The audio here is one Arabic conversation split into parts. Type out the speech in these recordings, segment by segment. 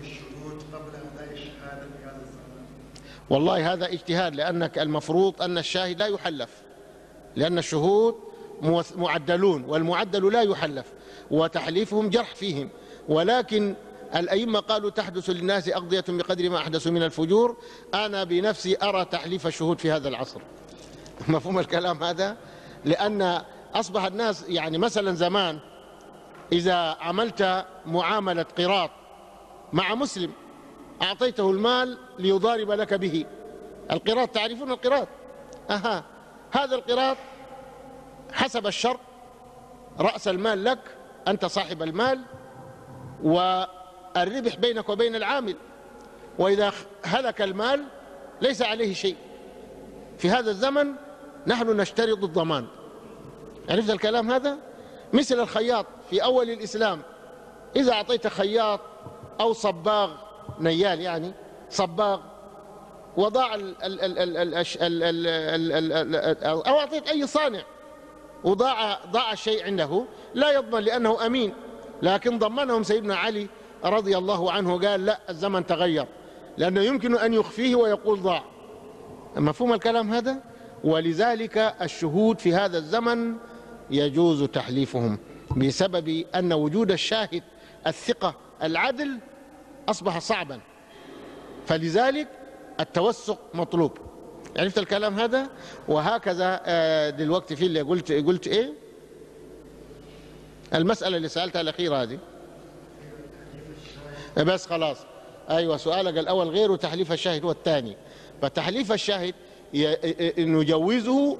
الشهود قبل في هذا والله هذا اجتهاد لأنك المفروض أن الشاهد لا يحلف لأن الشهود معدلون والمعدل لا يحلف وتحليفهم جرح فيهم ولكن الأئمة قالوا تحدث للناس أقضية بقدر ما أحدثوا من الفجور أنا بنفسي أرى تحليف الشهود في هذا العصر مفهوم الكلام هذا لأن أصبح الناس يعني مثلا زمان إذا عملت معاملة قراط مع مسلم أعطيته المال ليضارب لك به القراط تعرفون القراط أها هذا القراط حسب الشرط رأس المال لك أنت صاحب المال والربح بينك وبين العامل وإذا هلك المال ليس عليه شيء في هذا الزمن نحن نشترط الضمان عرفت الكلام هذا مثل الخياط في أول الإسلام إذا أعطيت خياط أو صباغ نيال يعني صباغ وضع أو أعطيت أي صانع وضاع ضاع شيء عنده لا يضمن لأنه أمين لكن ضمنهم سيدنا علي رضي الله عنه قال لا الزمن تغير لأنه يمكن أن يخفيه ويقول ضاع مفهوم الكلام هذا ولذلك الشهود في هذا الزمن يجوز تحليفهم بسبب أن وجود الشاهد الثقة العدل أصبح صعبا فلذلك التوسق مطلوب عرفت يعني الكلام هذا وهكذا آه، دلوقتي في اللي قلت قلت ايه المسألة اللي سألتها الأخيرة هذه بس خلاص أيوة سؤالك الأول غير تحليف الشاهد والثاني فتحليف الشاهد آه، آه، نجوزه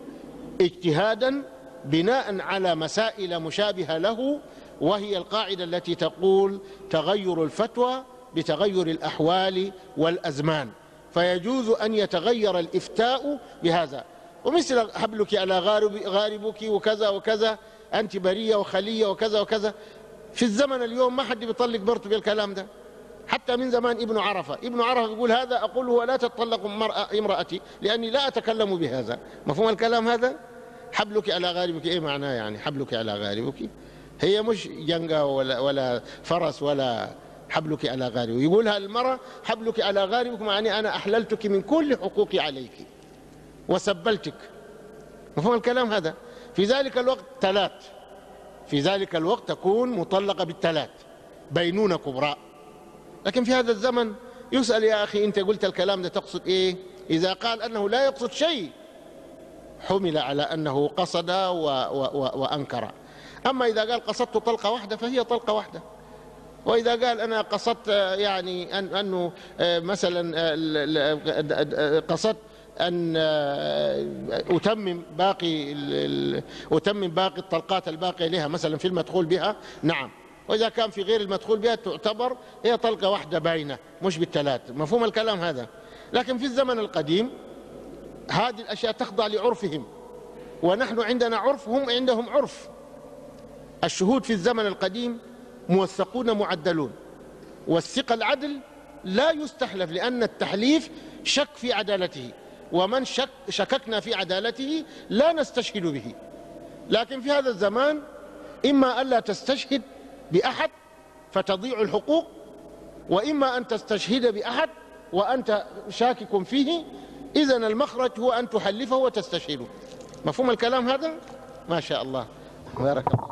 اجتهادا بناء على مسائل مشابهة له وهي القاعدة التي تقول تغير الفتوى بتغير الأحوال والأزمان فيجوز أن يتغير الإفتاء بهذا ومثل حبلك على غارب غاربك وكذا وكذا أنت برية وخلية وكذا وكذا في الزمن اليوم ما حد بيطلق مرته بالكلام ده حتى من زمان ابن عرفة ابن عرفة يقول هذا أقول ولا تطلق امرأتي لأني لا أتكلم بهذا مفهوم الكلام هذا حبلك على غاربك إيه معناه يعني حبلك على غاربك هي مش جنقة ولا, ولا فرس ولا حبلك على غارب ويقولها المرأة حبلك على غاربك معني أنا أحللتك من كل حقوقي عليك وسبلتك مفهوم الكلام هذا في ذلك الوقت ثلاث في ذلك الوقت تكون مطلقة بالثلاث بينونة كبرى لكن في هذا الزمن يسأل يا أخي أنت قلت الكلام ده تقصد إيه إذا قال أنه لا يقصد شيء حمل على أنه قصد و و و وأنكر أما إذا قال قصدت طلقة واحدة فهي طلقة واحدة وإذا قال أنا قصدت آه، يعني أن أنه آه، مثلا آه، قصدت أن أتمم باقي أتمم باقي الطلقات الباقية لها مثلا في المدخول بها نعم وإذا كان في غير المدخول بها تعتبر هي طلقة واحدة باينة مش بالثلاث مفهوم الكلام هذا لكن في الزمن القديم هذه الأشياء تخضع لعرفهم ونحن عندنا عرف هم عندهم عرف الشهود في الزمن القديم موثقون معدلون والثقة العدل لا يستحلف لأن التحليف شك في عدالته ومن شك شككنا في عدالته لا نستشهد به لكن في هذا الزمان إما ألا تستشهد بأحد فتضيع الحقوق وإما أن تستشهد بأحد وأنت شاكك فيه إذا المخرج هو أن تحلفه وتستشهده مفهوم الكلام هذا؟ ما شاء الله بارك الله